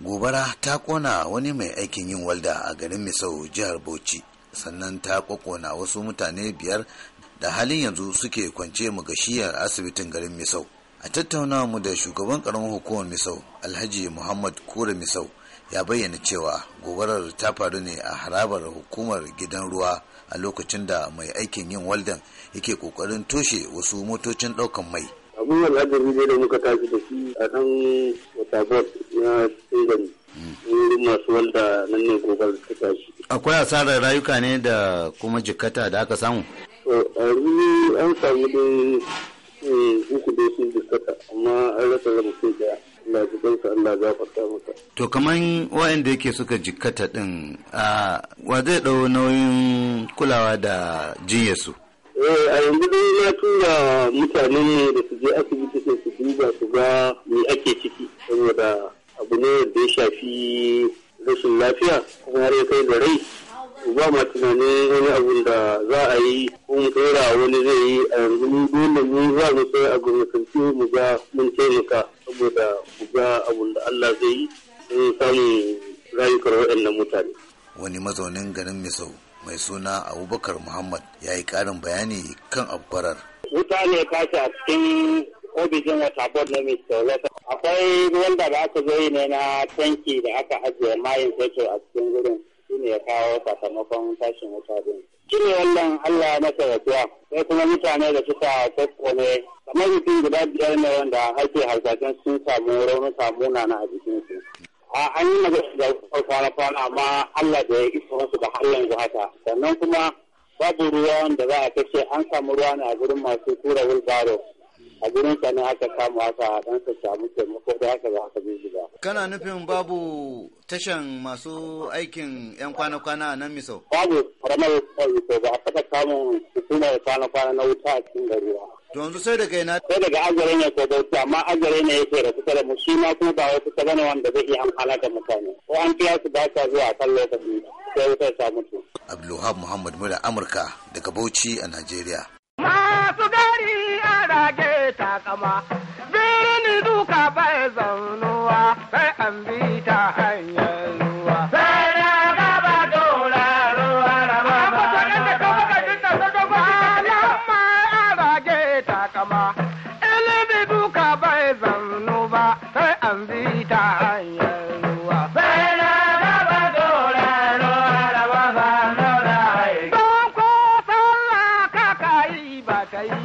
gobara ta kona wani mai aikin yin walda a garin misau jihar bauchi sannan ta kokona wasu mutane biyar da halin yanzu suke kwance mu magashiyar asibitin garin misau a tattaunawa mu da shugaban karamin hukumar misau alhaji muhammad kura misau ya bayyana cewa gobarar ta faru ne a harabar hukumar gidan ruwa a lokacin da mai aikin yin waldan yake kokarin toshe wasu motocin daukan mai abubuwan da muka tashi da shi a kan wata na tsingari wurin masu wanda nan ne gobar ta tashi akwai asarar rayuka ne da kuma jikata da aka samu a an samu dai eh, uku dai sun jikata amma an rasa da mutum daya Allah ji kansa masa to kaman waɗanda yake suka jikata ɗin a wa zai ɗau nauyin kulawa da jinyarsu eh, a yanzu dai na tura mutanen da su je asibiti su duba su ga me ake ciki saboda abu ne da ya shafi rashin lafiya kuma har ya kai da rai ba ma tunanin wani abu da za a yi ko mu tsira wani zai yi a yanzu ni dole mu za mu sai a gwamnatanci mu ga mun taimaka saboda mu ga abun da Allah zai yi don samun rayukar waɗannan mutane. Wani mazaunin garin Misau mai suna Abubakar Muhammad ya yi ƙarin bayani kan abkwarar. Wuta ne kashi a cikin ko wata board na Mr. Olesa. Akwai wanda da aka zo ne na tanki da aka ajiye mayin fetur a cikin gurin shi ne ya kawo sakamakon tashin wuta din. Shi ne wannan Allah na sarrafiya sai kuma mutane da suka tsakkone kamar mutum guda biyar ne wanda ake harkacin sun samu raunuka na a jikinsu. a an yi magana da kwana kwana amma Allah da ya isa wasu da har yanzu haka sannan kuma babu ruwa da za a kashe an samu ruwa ne a gurin masu tura wilbaro a gurin sa ne aka samu aka dan su samu taimako da aka za ka bi ba kana nufin babu tashan masu aikin yan kwana-kwana a nan miso babu karamar yau miso ba a taɓa samun hukumar kwana-kwana na wuta a cikin gari ba to yanzu sai daga ina sai daga azare ne ko bauta amma azare ne yake da kusa da mu shi ma kuma ba wasu ta gane wanda zai iya amfana da mutane ko an kira su ba sa zuwa kan lokaci sai wutar ta mutu Abdulwahab Muhammad Mura Amurka daga Bauchi a Najeriya. Masu kama birin duka bai zaunuwa sai an bi ta hanyar ruwa Ilimi duka bai zannu ba sai an bi ta hanyar.